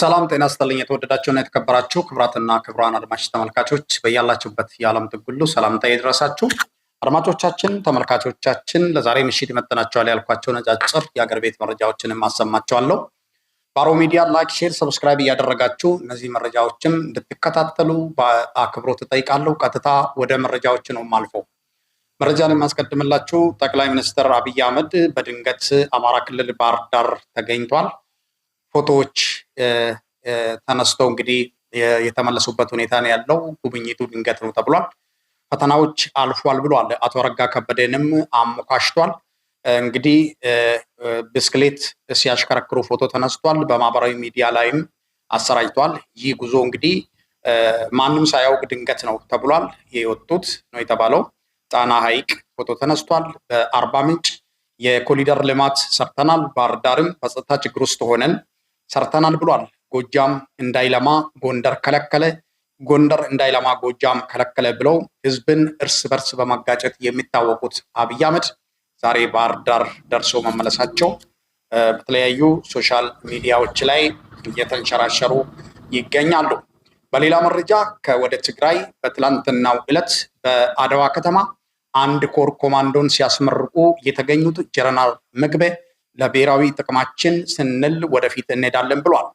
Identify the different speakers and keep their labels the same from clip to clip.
Speaker 1: ሰላም ጤና ስጥልኝ። የተወደዳችሁና የተከበራችሁ ክብራትና ክብራን አድማጭ ተመልካቾች በያላችሁበት የዓለም ጥግ ሁሉ ሰላምታ የደረሳችሁ አድማጮቻችን፣ ተመልካቾቻችን ለዛሬ ምሽት ይመጥናቸዋል ያልኳቸው ነጫጭር የአገር ቤት መረጃዎችንም አሰማቸዋለሁ። ባሮ ሚዲያ ላይክ፣ ሼር፣ ሰብስክራይብ እያደረጋችሁ እነዚህ መረጃዎችም እንድትከታተሉ በአክብሮት እጠይቃለሁ። ቀጥታ ወደ መረጃዎች ነው የማልፈው። መረጃን የማስቀድምላችሁ ጠቅላይ ሚኒስትር አብይ አህመድ በድንገት አማራ ክልል ባህር ዳር ተገኝቷል። ፎቶዎች ተነስተው እንግዲህ የተመለሱበት ሁኔታ ነው ያለው። ጉብኝቱ ድንገት ነው ተብሏል። ፈተናዎች አልፏል ብሏል። አቶ አረጋ ከበደንም አሞካሽቷል። እንግዲህ ብስክሌት ሲያሽከረክሩ ፎቶ ተነስቷል። በማህበራዊ ሚዲያ ላይም አሰራጭቷል። ይህ ጉዞ እንግዲህ ማንም ሳያውቅ ድንገት ነው ተብሏል። የወጡት ነው የተባለው። ጣና ሐይቅ ፎቶ ተነስቷል። በአርባ ምንጭ የኮሊደር ልማት ሰርተናል፣ ባህር ዳርም በጸጥታ ችግር ውስጥ ሆነን ሰርተናል ብሏል። ጎጃም እንዳይለማ ጎንደር ከለከለ፣ ጎንደር እንዳይለማ ጎጃም ከለከለ ብለው ህዝብን እርስ በርስ በማጋጨት የሚታወቁት አብይ አህመድ ዛሬ ባህር ዳር ደርሰው መመለሳቸው በተለያዩ ሶሻል ሚዲያዎች ላይ እየተንሸራሸሩ ይገኛሉ። በሌላ መረጃ ከወደ ትግራይ በትላንትናው ዕለት በአድዋ ከተማ አንድ ኮር ኮማንዶን ሲያስመርቁ የተገኙት ጀነራል ምግቤ ለብሔራዊ ጥቅማችን ስንል ወደፊት እንሄዳለን ብሏል።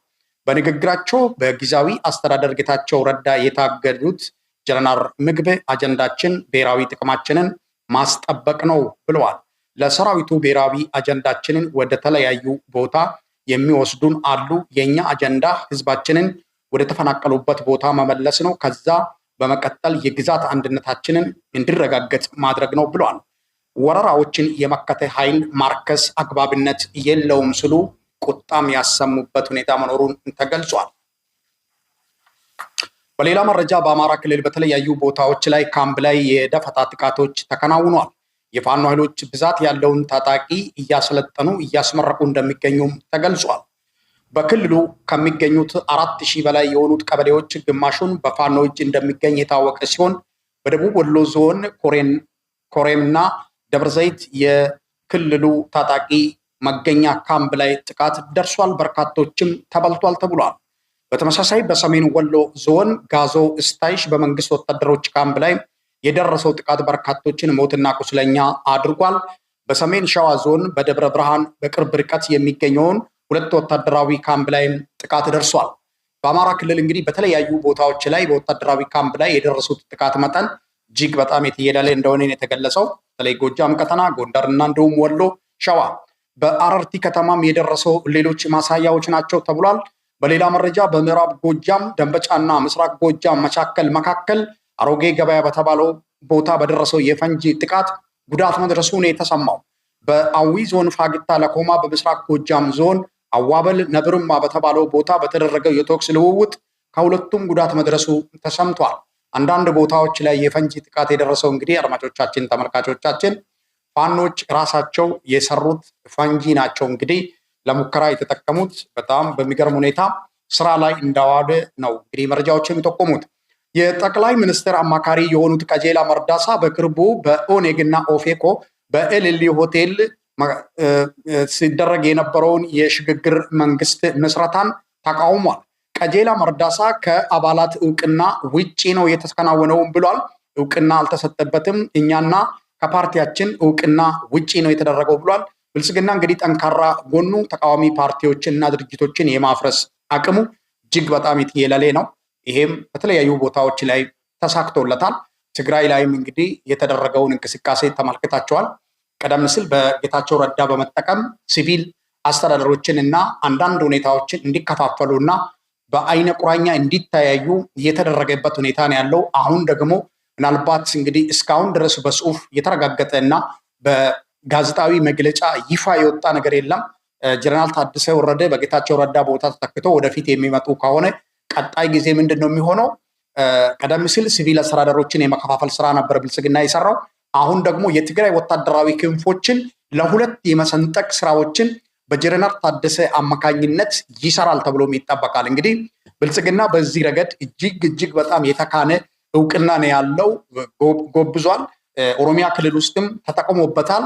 Speaker 1: በንግግራቸው በጊዜያዊ አስተዳደር ጌታቸው ረዳ የታገዱት ጀነራል ምግብ አጀንዳችን ብሔራዊ ጥቅማችንን ማስጠበቅ ነው ብለዋል። ለሰራዊቱ ብሔራዊ አጀንዳችንን ወደ ተለያዩ ቦታ የሚወስዱን አሉ። የእኛ አጀንዳ ህዝባችንን ወደ ተፈናቀሉበት ቦታ መመለስ ነው። ከዛ በመቀጠል የግዛት አንድነታችንን እንዲረጋገጥ ማድረግ ነው ብለዋል። ወረራዎችን የመከተ ኃይል ማርከስ አግባብነት የለውም ስሉ ቁጣም ያሰሙበት ሁኔታ መኖሩን ተገልጿል። በሌላ መረጃ በአማራ ክልል በተለያዩ ቦታዎች ላይ ካምፕ ላይ የደፈጣ ጥቃቶች ተከናውኗል። የፋኖ ኃይሎች ብዛት ያለውን ታጣቂ እያሰለጠኑ እያስመረቁ እንደሚገኙም ተገልጿል። በክልሉ ከሚገኙት አራት ሺህ በላይ የሆኑት ቀበሌዎች ግማሹን በፋኖ እጅ እንደሚገኝ የታወቀ ሲሆን በደቡብ ወሎ ዞን ኮሬምና ደብረ ዘይት የክልሉ ታጣቂ መገኛ ካምፕ ላይ ጥቃት ደርሷል፣ በርካቶችም ተበልቷል ተብሏል። በተመሳሳይ በሰሜን ወሎ ዞን ጋዞ እስታይሽ በመንግስት ወታደሮች ካምፕ ላይ የደረሰው ጥቃት በርካቶችን ሞትና ቁስለኛ አድርጓል። በሰሜን ሸዋ ዞን በደብረ ብርሃን በቅርብ ርቀት የሚገኘውን ሁለት ወታደራዊ ካምፕ ላይም ጥቃት ደርሷል። በአማራ ክልል እንግዲህ በተለያዩ ቦታዎች ላይ በወታደራዊ ካምፕ ላይ የደረሱት ጥቃት መጠን እጅግ በጣም የተየለለ እንደሆነ የተገለጸው በተለይ ጎጃም ቀጠና፣ ጎንደርና እንዲሁም ወሎ፣ ሸዋ በአረርቲ ከተማም የደረሰው ሌሎች ማሳያዎች ናቸው ተብሏል። በሌላ መረጃ በምዕራብ ጎጃም ደንበጫና ምስራቅ ጎጃም መካከል መካከል አሮጌ ገበያ በተባለው ቦታ በደረሰው የፈንጂ ጥቃት ጉዳት መድረሱ ነው የተሰማው። በአዊ ዞን ፋግታ ለኮማ፣ በምስራቅ ጎጃም ዞን አዋበል ነብርማ በተባለው ቦታ በተደረገው የተኩስ ልውውጥ ከሁለቱም ጉዳት መድረሱ ተሰምቷል። አንዳንድ ቦታዎች ላይ የፈንጂ ጥቃት የደረሰው እንግዲህ አድማጮቻችን፣ ተመልካቾቻችን ፋኖች ራሳቸው የሰሩት ፈንጂ ናቸው እንግዲህ ለሙከራ የተጠቀሙት። በጣም በሚገርም ሁኔታ ስራ ላይ እንዳዋለ ነው እንግዲህ መረጃዎች የሚጠቆሙት። የጠቅላይ ሚኒስትር አማካሪ የሆኑት ቀጀላ መርዳሳ በቅርቡ በኦኔግ እና ኦፌኮ በኤልሊ ሆቴል ሲደረግ የነበረውን የሽግግር መንግስት ምስረታን ተቃውሟል። ቀጀላ መርዳሳ ከአባላት እውቅና ውጪ ነው የተከናወነውም ብሏል። እውቅና አልተሰጠበትም፣ እኛና ከፓርቲያችን እውቅና ውጪ ነው የተደረገው ብሏል። ብልጽግና እንግዲህ ጠንካራ ጎኑ ተቃዋሚ ፓርቲዎችን እና ድርጅቶችን የማፍረስ አቅሙ እጅግ በጣም የትየለሌ ነው። ይሄም በተለያዩ ቦታዎች ላይ ተሳክቶለታል። ትግራይ ላይም እንግዲህ የተደረገውን እንቅስቃሴ ተመልክታቸዋል። ቀደም ሲል በጌታቸው ረዳ በመጠቀም ሲቪል አስተዳደሮችን እና አንዳንድ ሁኔታዎችን እንዲከፋፈሉ እና በአይነ ቁራኛ እንዲተያዩ የተደረገበት ሁኔታ ነው ያለው። አሁን ደግሞ ምናልባት እንግዲህ እስካሁን ድረስ በጽሁፍ የተረጋገጠ እና በጋዜጣዊ መግለጫ ይፋ የወጣ ነገር የለም። ጀነራል ታደሰ ወረደ በጌታቸው ረዳ ቦታ ተተክቶ ወደፊት የሚመጡ ከሆነ ቀጣይ ጊዜ ምንድን ነው የሚሆነው? ቀደም ሲል ሲቪል አስተዳደሮችን የመከፋፈል ስራ ነበር ብልጽግና የሰራው። አሁን ደግሞ የትግራይ ወታደራዊ ክንፎችን ለሁለት የመሰንጠቅ ስራዎችን በጀነራል ታደሰ አማካኝነት ይሰራል ተብሎም ይጠበቃል። እንግዲህ ብልጽግና በዚህ ረገድ እጅግ እጅግ በጣም የተካነ እውቅና ነው ያለው፣ ጎብዟል። ኦሮሚያ ክልል ውስጥም ተጠቅሞበታል።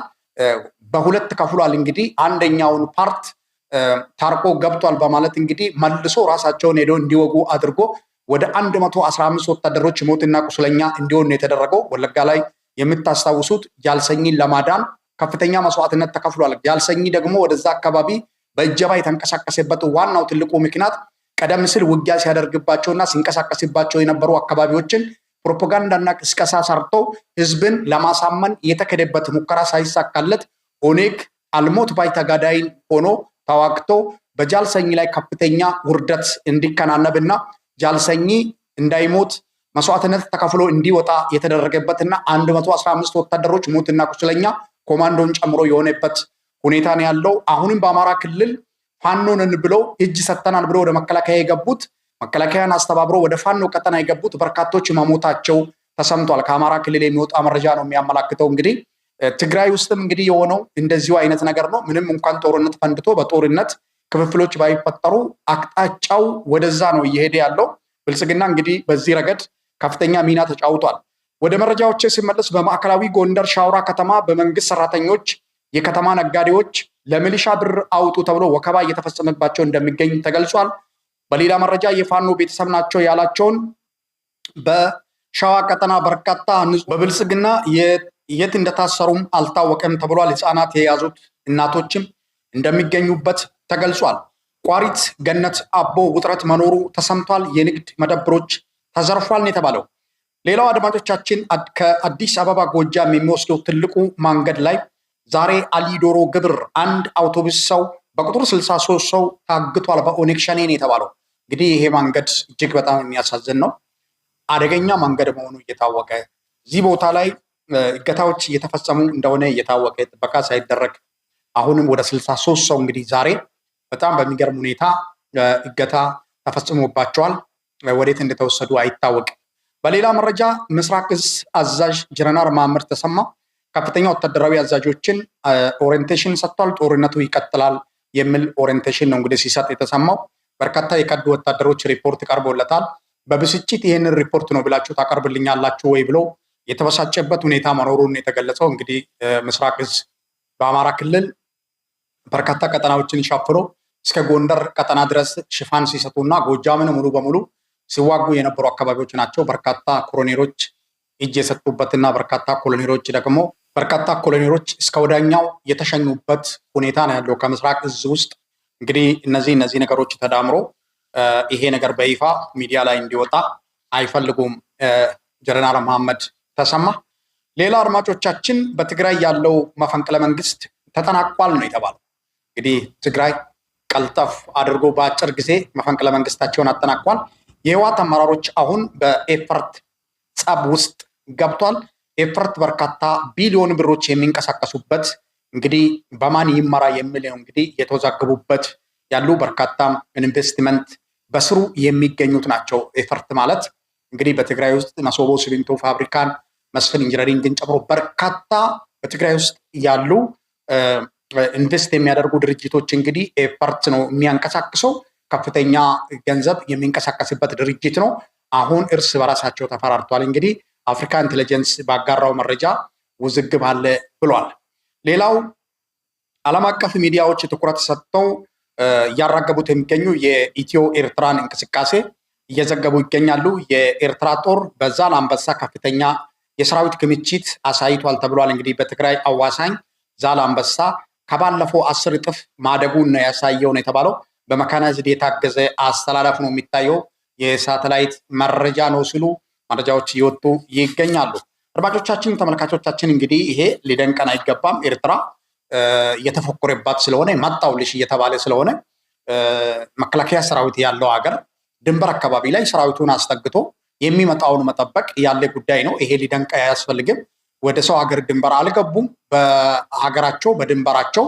Speaker 1: በሁለት ከፍሏል። እንግዲህ አንደኛውን ፓርት ታርቆ ገብቷል በማለት እንግዲህ መልሶ ራሳቸውን ሄደው እንዲወጉ አድርጎ ወደ 115 ወታደሮች ሞትና ቁስለኛ እንዲሆን የተደረገው ወለጋ ላይ የምታስታውሱት ጃልሰኝን ለማዳን ከፍተኛ መስዋዕትነት ተከፍሏል። ያልሰኝ ደግሞ ወደዛ አካባቢ በእጀባ የተንቀሳቀሰበት ዋናው ትልቁ ምክንያት ቀደም ሲል ውጊያ ሲያደርግባቸውና ሲንቀሳቀስባቸው የነበሩ አካባቢዎችን ፕሮፓጋንዳና ቅስቀሳ ሰርቶ ህዝብን ለማሳመን የተከደበት ሙከራ ሳይሳካለት ኦኔግ አልሞት ባይ ተጋዳይ ሆኖ ተዋግቶ በጃልሰኝ ላይ ከፍተኛ ውርደት እንዲከናነብና ጃልሰኝ እንዳይሞት መስዋዕትነት ተከፍሎ እንዲወጣ የተደረገበትና 115 ወታደሮች ሞትና ቁስለኛ ኮማንዶን ጨምሮ የሆነበት ሁኔታ ነው ያለው። አሁንም በአማራ ክልል ፋኖንን ብለው እጅ ሰጥተናል ብለው ወደ መከላከያ የገቡት መከላከያን አስተባብሮ ወደ ፋኖ ቀጠና የገቡት በርካቶች መሞታቸው ተሰምቷል። ከአማራ ክልል የሚወጣ መረጃ ነው የሚያመላክተው። እንግዲህ ትግራይ ውስጥም እንግዲህ የሆነው እንደዚሁ አይነት ነገር ነው። ምንም እንኳን ጦርነት ፈንድቶ በጦርነት ክፍፍሎች ባይፈጠሩ አቅጣጫው ወደዛ ነው እየሄደ ያለው። ብልጽግና እንግዲህ በዚህ ረገድ ከፍተኛ ሚና ተጫውቷል። ወደ መረጃዎቼ ሲመለስ በማዕከላዊ ጎንደር ሻውራ ከተማ በመንግስት ሰራተኞች፣ የከተማ ነጋዴዎች ለሚሊሻ ብር አውጡ ተብሎ ወከባ እየተፈጸመባቸው እንደሚገኝ ተገልጿል። በሌላ መረጃ የፋኖ ቤተሰብ ናቸው ያላቸውን በሸዋ ቀጠና በርካታ በብልጽግና የት እንደታሰሩም አልታወቀም ተብሏል። ህፃናት የያዙት እናቶችም እንደሚገኙበት ተገልጿል። ቋሪት ገነት አቦ ውጥረት መኖሩ ተሰምቷል። የንግድ መደብሮች ተዘርፏል ነው የተባለው። ሌላው አድማጮቻችን ከአዲስ አበባ ጎጃም የሚወስደው ትልቁ መንገድ ላይ ዛሬ አሊዶሮ ግብር አንድ አውቶቡስ ሰው በቁጥር 63 ሰው ታግቷል። በኦነግ የተባለው። እንግዲህ ይሄ መንገድ እጅግ በጣም የሚያሳዝን ነው። አደገኛ መንገድ መሆኑ እየታወቀ እዚህ ቦታ ላይ እገታዎች እየተፈጸሙ እንደሆነ እየታወቀ ጥበቃ ሳይደረግ አሁንም ወደ 63 ሰው እንግዲህ ዛሬ በጣም በሚገርም ሁኔታ እገታ ተፈጽሞባቸዋል። ወዴት እንደተወሰዱ አይታወቅ በሌላ መረጃ ምስራቅ እዝ አዛዥ ጀነራል ማምር ተሰማ ከፍተኛ ወታደራዊ አዛዦችን ኦሪንቴሽን ሰጥቷል። ጦርነቱ ይቀጥላል የሚል ኦሪንቴሽን ነው እንግዲህ ሲሰጥ የተሰማው። በርካታ የከዱ ወታደሮች ሪፖርት ቀርቦለታል። በብስጭት ይህንን ሪፖርት ነው ብላችሁ ታቀርብልኛላችሁ ወይ ብሎ የተበሳጨበት ሁኔታ መኖሩን የተገለጸው እንግዲህ ምስራቅ እዝ በአማራ ክልል በርካታ ቀጠናዎችን ሻፍሮ እስከ ጎንደር ቀጠና ድረስ ሽፋን ሲሰጡና ጎጃምን ሙሉ በሙሉ ሲዋጉ የነበሩ አካባቢዎች ናቸው። በርካታ ኮሎኔሎች እጅ የሰጡበትና በርካታ ኮሎኔሎች ደግሞ በርካታ ኮሎኔሎች እስከ ወዳኛው የተሸኙበት ሁኔታ ነው ያለው ከምስራቅ እዝ ውስጥ። እንግዲህ እነዚህ እነዚህ ነገሮች ተዳምሮ ይሄ ነገር በይፋ ሚዲያ ላይ እንዲወጣ አይፈልጉም ጀነራል መሐመድ ተሰማ። ሌላ አድማጮቻችን፣ በትግራይ ያለው መፈንቅለ መንግስት ተጠናቋል ነው የተባለው። እንግዲህ ትግራይ ቀልጠፍ አድርጎ በአጭር ጊዜ መፈንቅለ መንግስታቸውን አጠናቋል። የህወሓት አመራሮች አሁን በኤፈርት ጸብ ውስጥ ገብቷል። ኤፈርት በርካታ ቢሊዮን ብሮች የሚንቀሳቀሱበት እንግዲህ በማን ይመራ የሚል እንግዲህ የተወዛገቡበት ያሉ በርካታ ኢንቨስትመንት በስሩ የሚገኙት ናቸው። ኤፈርት ማለት እንግዲህ በትግራይ ውስጥ መሶቦ ሲሚንቶ ፋብሪካን መስፍን ኢንጂነሪንግን ጨምሮ በርካታ በትግራይ ውስጥ ያሉ ኢንቨስት የሚያደርጉ ድርጅቶች እንግዲህ ኤፈርት ነው የሚያንቀሳቅሰው። ከፍተኛ ገንዘብ የሚንቀሳቀስበት ድርጅት ነው። አሁን እርስ በራሳቸው ተፈራርቷል። እንግዲህ አፍሪካ ኢንቴሊጀንስ ባጋራው መረጃ ውዝግብ አለ ብሏል። ሌላው ዓለም አቀፍ ሚዲያዎች ትኩረት ሰጥተው እያራገቡት የሚገኙ የኢትዮ ኤርትራን እንቅስቃሴ እየዘገቡ ይገኛሉ። የኤርትራ ጦር በዛላምበሳ ከፍተኛ የሰራዊት ክምችት አሳይቷል ተብሏል። እንግዲህ በትግራይ አዋሳኝ ዛላምበሳ ከባለፈው አስር እጥፍ ማደጉን ነው ያሳየው ነው የተባለው። በመካናይዝድ የታገዘ አስተላለፍ ነው የሚታየው፣ የሳተላይት መረጃ ነው ሲሉ መረጃዎች እየወጡ ይገኛሉ። አድማጮቻችን፣ ተመልካቾቻችን እንግዲህ ይሄ ሊደንቀን አይገባም። ኤርትራ እየተፎኮረባት ስለሆነ መጣው ልሽ እየተባለ ስለሆነ መከላከያ ሰራዊት ያለው ሀገር ድንበር አካባቢ ላይ ሰራዊቱን አስጠግቶ የሚመጣውን መጠበቅ ያለ ጉዳይ ነው። ይሄ ሊደንቅ አያስፈልግም። ወደ ሰው ሀገር ድንበር አልገቡም። በሀገራቸው በድንበራቸው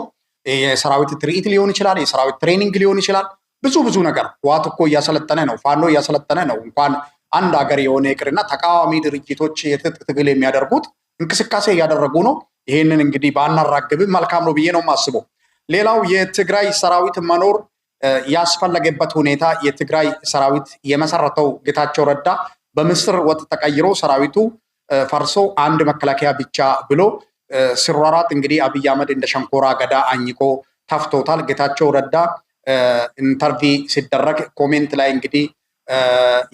Speaker 1: የሰራዊት ትርኢት ሊሆን ይችላል፣ የሰራዊት ትሬኒንግ ሊሆን ይችላል። ብዙ ብዙ ነገር ህወሓት እኮ እያሰለጠነ ነው፣ ፋኖ እያሰለጠነ ነው። እንኳን አንድ ሀገር የሆነ ይቅርና ተቃዋሚ ድርጅቶች የትጥቅ ትግል የሚያደርጉት እንቅስቃሴ እያደረጉ ነው። ይህንን እንግዲህ ባናራግብም መልካም ነው ብዬ ነው የማስበው። ሌላው የትግራይ ሰራዊት መኖር ያስፈለገበት ሁኔታ የትግራይ ሰራዊት የመሰረተው ጌታቸው ረዳ በምስር ወጥ ተቀይሮ ሰራዊቱ ፈርሶ አንድ መከላከያ ብቻ ብሎ ሲሯሯጥ እንግዲህ አብይ አህመድ እንደ ሸንኮራ ገዳ አኝቆ ተፍቶታል። ጌታቸው ረዳ ኢንተርቪ ሲደረግ ኮሜንት ላይ እንግዲህ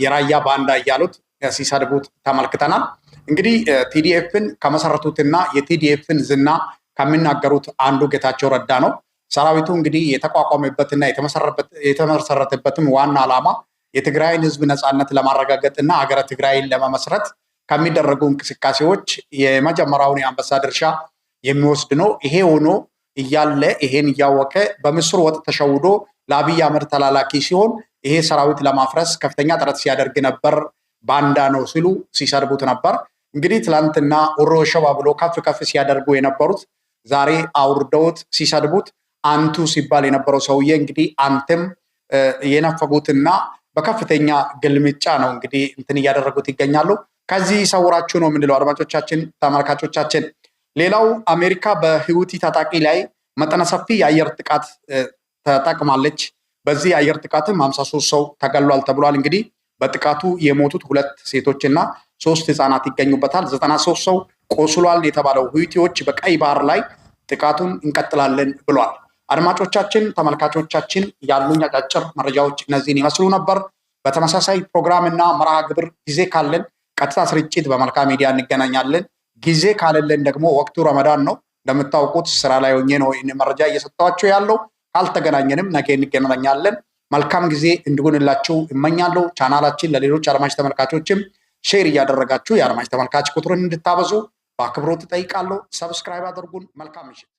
Speaker 1: የራያ ባንዳ እያሉት ሲሰድቡት ተመልክተናል። እንግዲህ ቲዲኤፍን ከመሰረቱትና የቲዲኤፍን ዝና ከሚናገሩት አንዱ ጌታቸው ረዳ ነው። ሰራዊቱ እንግዲህ የተቋቋመበትና የተመሰረተበትም ዋና ዓላማ የትግራይን ህዝብ ነፃነት ለማረጋገጥ እና ሀገረ ትግራይን ለመመስረት ከሚደረጉ እንቅስቃሴዎች የመጀመሪያውን የአንበሳ ድርሻ የሚወስድ ነው። ይሄ ሆኖ እያለ ይሄን እያወቀ በምስር ወጥ ተሸውዶ ለአብይ አህመድ ተላላኪ ሲሆን ይሄ ሰራዊት ለማፍረስ ከፍተኛ ጥረት ሲያደርግ ነበር። ባንዳ ነው ሲሉ ሲሰድቡት ነበር። እንግዲህ ትላንትና ውሮ ሸባ ብሎ ከፍ ከፍ ሲያደርጉ የነበሩት ዛሬ አውርደውት ሲሰድቡት አንቱ ሲባል የነበረው ሰውዬ እንግዲህ አንተም የነፈጉትና በከፍተኛ ግልምጫ ነው እንግዲህ እንትን እያደረጉት ይገኛሉ። ከዚህ ይሰውራችሁ ነው የምንለው አድማጮቻችን፣ ተመልካቾቻችን። ሌላው አሜሪካ በህውቲ ታጣቂ ላይ መጠነ ሰፊ የአየር ጥቃት ተጠቅማለች። በዚህ የአየር ጥቃትም ሀምሳ ሶስት ሰው ተገሏል ተብሏል። እንግዲህ በጥቃቱ የሞቱት ሁለት ሴቶች እና ሶስት ህጻናት ይገኙበታል። ዘጠና ሶስት ሰው ቆስሏል የተባለው ሁቲዎች በቀይ ባህር ላይ ጥቃቱን እንቀጥላለን ብሏል። አድማጮቻችን፣ ተመልካቾቻችን ያሉኝ አጫጭር መረጃዎች እነዚህን ይመስሉ ነበር። በተመሳሳይ ፕሮግራም እና መርሃ ግብር ጊዜ ካለን ቀጥታ ስርጭት በመልካም ሚዲያ እንገናኛለን። ጊዜ ካለለን ደግሞ ወቅቱ ረመዳን ነው እንደምታውቁት፣ ስራ ላይ ሆኜ ነው ይህን መረጃ እየሰጠኋችሁ ያለው። አልተገናኘንም፣ ነገ እንገናኛለን። መልካም ጊዜ እንዲሆንላችሁ እመኛለሁ። ቻናላችን ለሌሎች አድማጭ ተመልካቾችም ሼር እያደረጋችሁ የአድማጭ ተመልካች ቁጥርን እንድታበዙ በአክብሮት እጠይቃለሁ። ሰብስክራይብ አድርጉን። መልካም ምሽት።